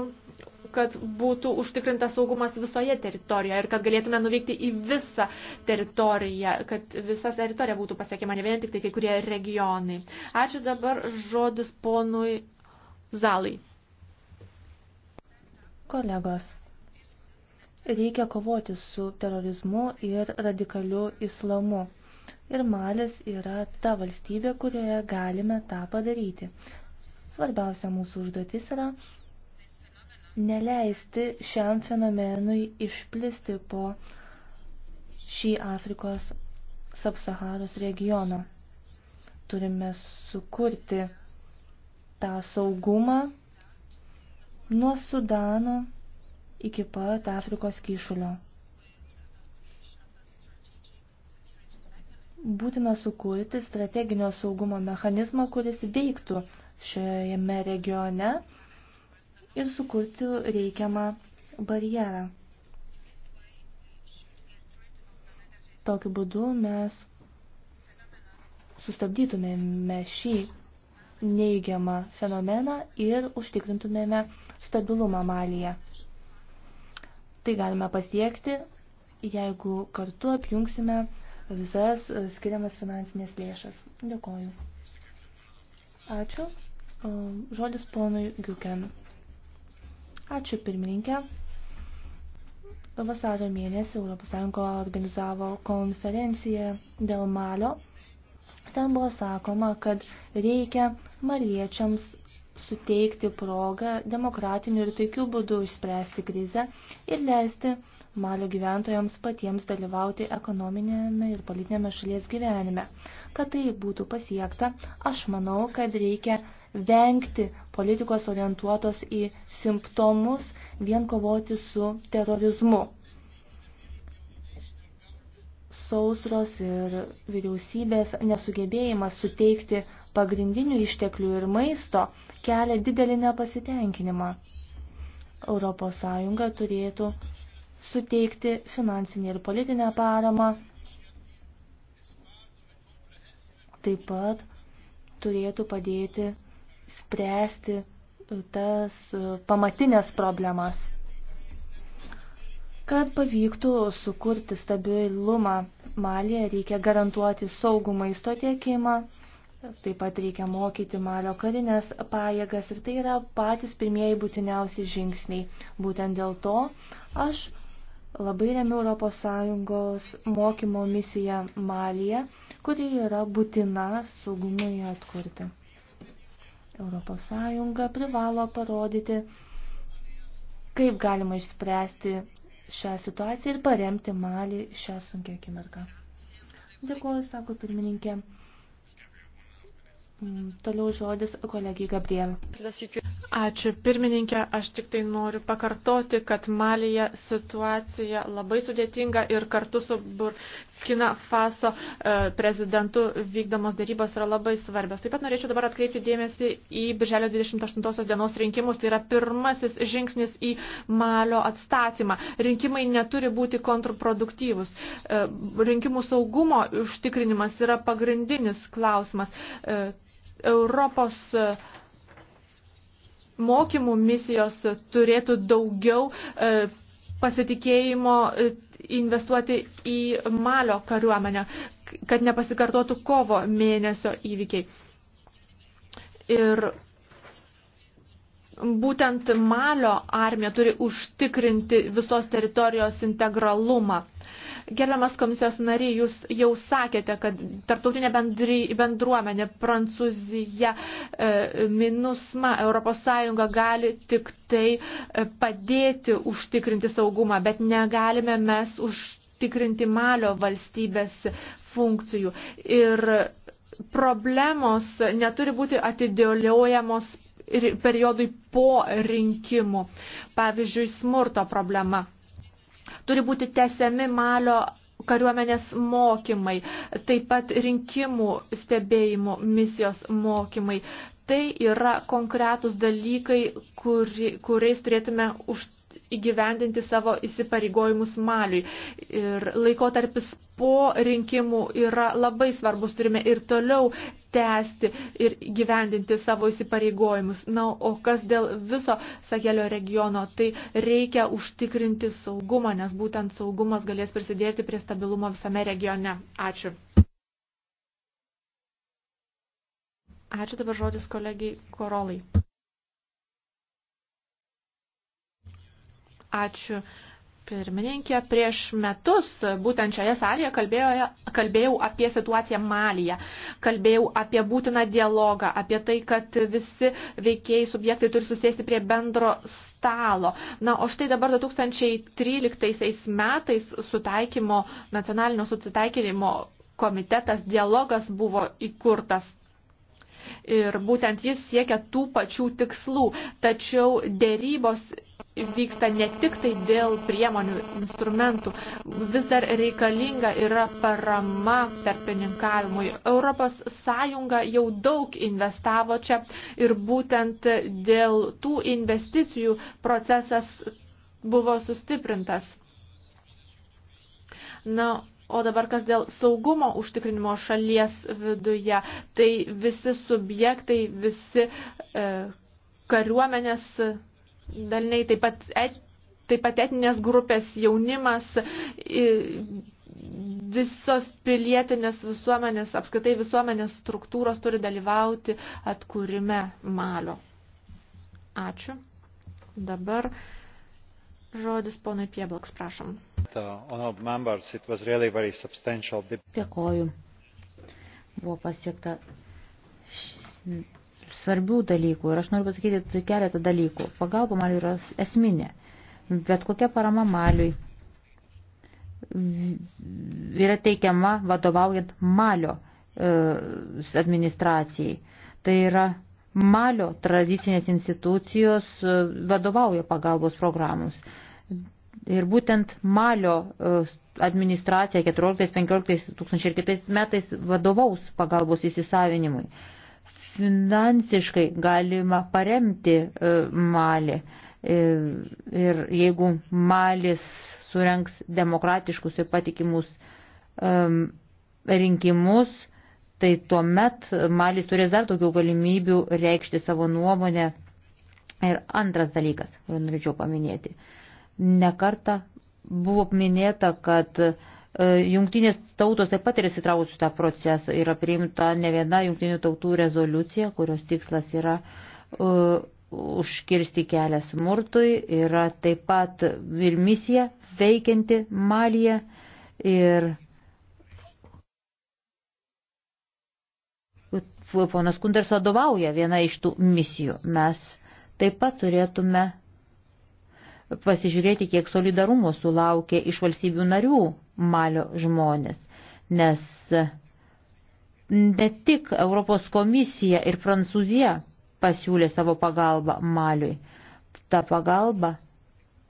kad būtų užtikrintas saugumas visoje teritorijoje ir kad galėtume nuvykti į visą teritoriją, kad visa teritorija būtų pasiekiama, ne vien tik tai kai kurie regionai. Ačiū dabar žodis ponui Zalai. Kolegos, reikia kovoti su terorizmu ir radikaliu islamu. Ir Malis yra ta valstybė, kurioje galime tą padaryti. Svarbiausia mūsų užduotis yra neleisti šiam fenomenui išplisti po šį Afrikos subsaharos regioną. Turime sukurti tą saugumą nuo Sudano iki pat Afrikos kyšulio. Būtina sukurti strateginio saugumo mechanizmą, kuris veiktų šioje regione ir sukurti reikiamą barjerą. Tokiu būdu mes sustabdytumėme šį neigiamą fenomeną ir užtikrintumėme stabilumą Malyje. Tai galime pasiekti, jeigu kartu apjungsime visas e, skiriamas finansinės lėšas. Dėkoju. Ačiū. E, žodis ponui Giuken. Ačiū pirmininkė. Vasario mėnesį ES organizavo konferenciją dėl Malio. Ten buvo sakoma, kad reikia maliečiams suteikti progą demokratiniu ir taikiu būdu išspręsti krizę ir leisti Malio gyventojams patiems dalyvauti ekonominėme ir politinėme šalies gyvenime. Kad tai būtų pasiekta, aš manau, kad reikia vengti politikos orientuotos į simptomus, vien kovoti su terorizmu sausros ir vyriausybės nesugebėjimas suteikti pagrindinių išteklių ir maisto kelia didelį nepasitenkinimą. ES turėtų suteikti finansinį ir politinę paramą. Taip pat turėtų padėti spręsti tas pamatinės problemas. Kad pavyktų sukurti stabilumą Malėje, reikia garantuoti saugų maisto tiekimą, taip pat reikia mokyti Malio karinės pajėgas ir tai yra patys pirmieji būtiniausi žingsniai. Būtent dėl to aš labai remiu ES mokymo misiją Malėje, kuri yra būtina saugumui atkurti. ES privalo parodyti, kaip galima išspręsti šią situaciją ir paremti Malį šią sunkia akimirką. Dėkuoju, sako pirmininkė. Toliau žodis kolegijai Gabriel. Ačiū pirmininkė, aš tik tai noriu pakartoti, kad Malija situacija labai sudėtinga ir kartu su Burkina Faso e, prezidentu vykdomos darybos yra labai svarbios. Taip pat norėčiau dabar atkreipti dėmesį į birželio 28 dienos rinkimus. Tai yra pirmasis žingsnis į Malio atstatymą. Rinkimai neturi būti kontraproduktyvus. E, rinkimų saugumo užtikrinimas yra pagrindinis klausimas e, Europos e, mokymų misijos turėtų daugiau e, pasitikėjimo e, investuoti į Malio kariuomenę, kad nepasikartotų kovo mėnesio įvykiai. Ir būtent Malio armija turi užtikrinti visos teritorijos integralumą. Gerbiamas komisijos nariai, jūs jau sakėte, kad tarptautinė bendry, bendruomenė, Prancūzija, e, Minusma, ES gali tik tai e, padėti užtikrinti saugumą, bet negalime mes užtikrinti Malio valstybės funkcijų. Ir problemos neturi būti atidėliojamos periodui po rinkimų. Pavyzdžiui, smurto problema. Turi būti tesiami malio kariuomenės mokymai, taip pat rinkimų stebėjimo misijos mokymai. Tai yra konkretūs dalykai, kuri, kuriais turėtume už, įgyvendinti savo įsipareigojimus Maliui. Ir laikotarpis po rinkimų yra labai svarbus, turime ir toliau tęsti ir gyvendinti savo įsipareigojimus. Na, o kas dėl viso Sahelio regiono, tai reikia užtikrinti saugumą, nes būtent saugumas galės prisidėti prie stabilumo visame regione. Ačiū. Ačiū dabar žodis kolegiai Korolai. Ačiū. Pirmininkė, prieš metus būtent šioje salėje kalbėjo, kalbėjau apie situaciją Malyje, kalbėjau apie būtiną dialogą, apie tai, kad visi veikėjai subjektai turi susėsti prie bendro stalo. Na, o štai dabar 2013 metais sutaikymo, nacionalinio susitaikinimo komitetas dialogas buvo įkurtas ir būtent jis siekia tų pačių tikslų. Tačiau dėrybos vyksta ne tik tai dėl priemonių, instrumentų, vis dar reikalinga yra parama tarpininkavimui. Europos Sąjunga jau daug investavo čia ir būtent dėl tų investicijų procesas buvo sustiprintas. Na, O dabar kas dėl saugumo užtikrinimo šalies viduje, tai visi subjektai, visi e, kariuomenės daliniai, taip pat, et, taip pat etinės grupės jaunimas, visos pilietinės visuomenės, apskaitai visuomenės struktūros turi dalyvauti atkūrime malio. Ačiū. Dabar žodis ponai Pieblaks, prašom. Dėkoju. Buvo pasiekta svarbių dalykų ir aš noriu pasakyti keletą dalykų. Pagalba Maliui yra esminė. Bet kokia parama Maliui yra teikiama vadovaujant Malio e, administracijai. Tai yra Malio tradicinės institucijos e, vadovauja pagalbos programoms. Ir būtent Malio e, administracija 14-15 tūkstančiai ir kitais metais vadovaus pagalbos įsisavinimui finansiškai galima paremti e, Malį. E, ir jeigu Malis surenks demokratiškus ir patikimus rinkimus, tai tuomet Malis turės dar daugiau galimybių reikšti savo nuomonę. Ir antras dalykas, kurį norėčiau paminėti. Nekarta buvo minėta, kad uh, E, jungtinės tautos taip pat yra įsitraukusios tą procesą, yra priimta ne viena jungtinių tautų rezoliucija, kurios tikslas yra uh, užkirsti kelią smurtui, yra taip pat ir misija veikianti Malyje ir ponas Kunders vadovauja viena iš tų misijų. Mes taip pat turėtume pasižiūrėti, kiek solidarumo sulaukė iš valstybių narių malio žmonės, nes ne tik Europos komisija ir Prancūzija pasiūlė savo pagalbą maliui. Ta pagalba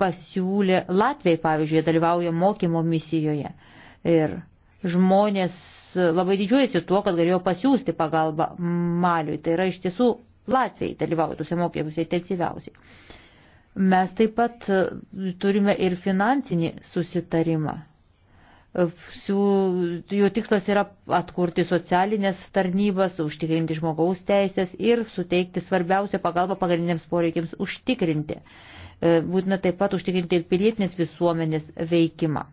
pasiūlė Latvijai, pavyzdžiui, dalyvauja mokymo misijoje. Ir žmonės labai didžiuojasi tuo, kad galėjo pasiūsti pagalbą maliui. Tai yra iš tiesų Latvijai dalyvauja tuose mokymuose intensyviausiai. Tai Mes taip pat e, turime ir finansinį susitarimą. E, jo tikslas yra atkurti socialinės tarnybas, užtikrinti žmogaus teisės ir suteikti svarbiausią pagalbą pagrindiniams poreikiams užtikrinti. E, būtina taip pat užtikrinti ir pilietinės visuomenės veikimą.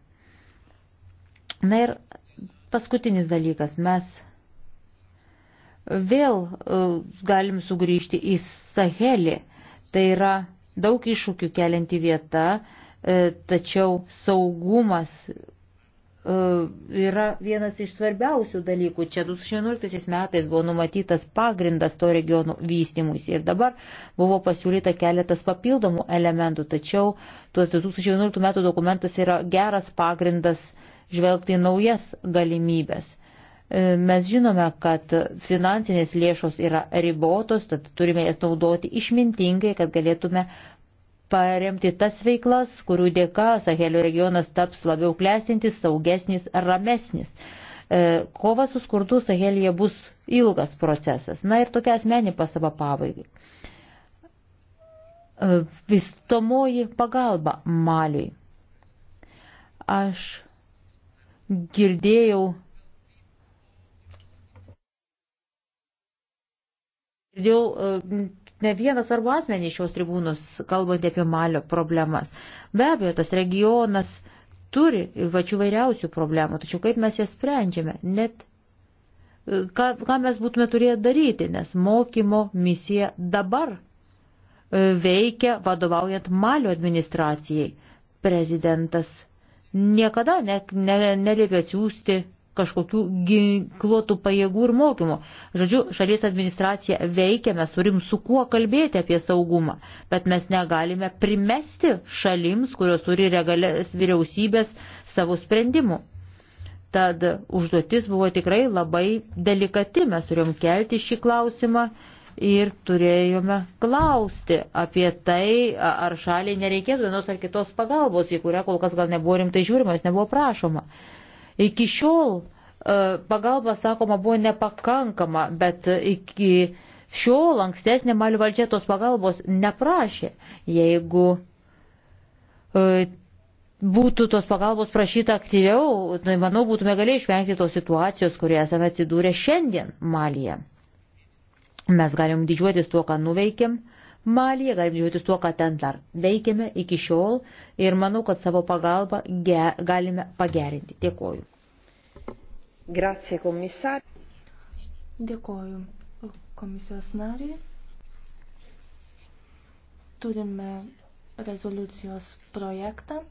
Na ir paskutinis dalykas. Mes vėl galim sugrįžti į Sahelį. Tai yra daug iššūkių kelianti vieta, e, tačiau saugumas e, yra vienas iš svarbiausių dalykų. Čia 2011 metais buvo numatytas pagrindas to regiono vystimus ir dabar buvo pasiūlyta keletas papildomų elementų, tačiau tuos 2011 metų dokumentas yra geras pagrindas žvelgti naujas galimybės. E, mes žinome, kad finansinės lėšos yra ribotos, tad turime jas naudoti išmintingai, kad galėtume paremti tas veiklas, kurių dėka Sahelio regionas taps labiau klestintis, saugesnis, ramesnis. E, kova su skurdu Sahelėje bus ilgas procesas. Na ir tokia asmenė pasaba pabaigai. E, Vistomoji pagalba Maliui. Aš girdėjau jau e, ne vieną svarbų asmenį šios tribūnos, kalbant apie Malio problemas. Be abejo, tas regionas turi pačių vairiausių problemų, tačiau kaip mes jas sprendžiame, net e, ką, ką mes būtume turėję daryti, nes mokymo misija dabar e, veikia vadovaujant Malio administracijai. Prezidentas niekada ne, ne, neliepė atsiųsti kažkokių ginkluotų pajėgų ir mokymų. Žodžiu, šalies administracija veikia, mes turim su kuo kalbėti apie saugumą, bet mes negalime primesti šalims, kurios turi regalės vyriausybės savo sprendimų. Tad užduotis buvo tikrai labai delikati, mes turėjom kelti šį klausimą ir turėjome klausti apie tai, ar šaliai nereikėtų vienos ar kitos pagalbos, į kurią kol kas gal nebuvo rimtai žiūrimas, nebuvo prašoma. Iki šiol e, pagalba, sakoma, buvo nepakankama, bet e, iki šiol ankstesnė Mali valdžia tos pagalbos neprašė. Jeigu e, būtų tos pagalbos prašyta aktyviau, tai manau, būtume galėję išvengti tos situacijos, kurioje esame atsidūrę šiandien Malyje. Mes galim didžiuotis tuo, ką nuveikėm Malyje, galim didžiuotis tuo, ką ten dar veikėme iki šiol ir manau, kad savo pagalbą ge, galime pagerinti. Dėkoju. Grazie, komisar. Dėkoju komisijos nariai. Turime rezoliucijos projektą.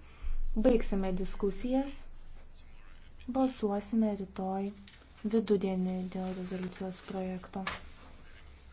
Baigsime diskusijas. Balsuosime rytoj vidudienį dėl rezoliucijos projekto.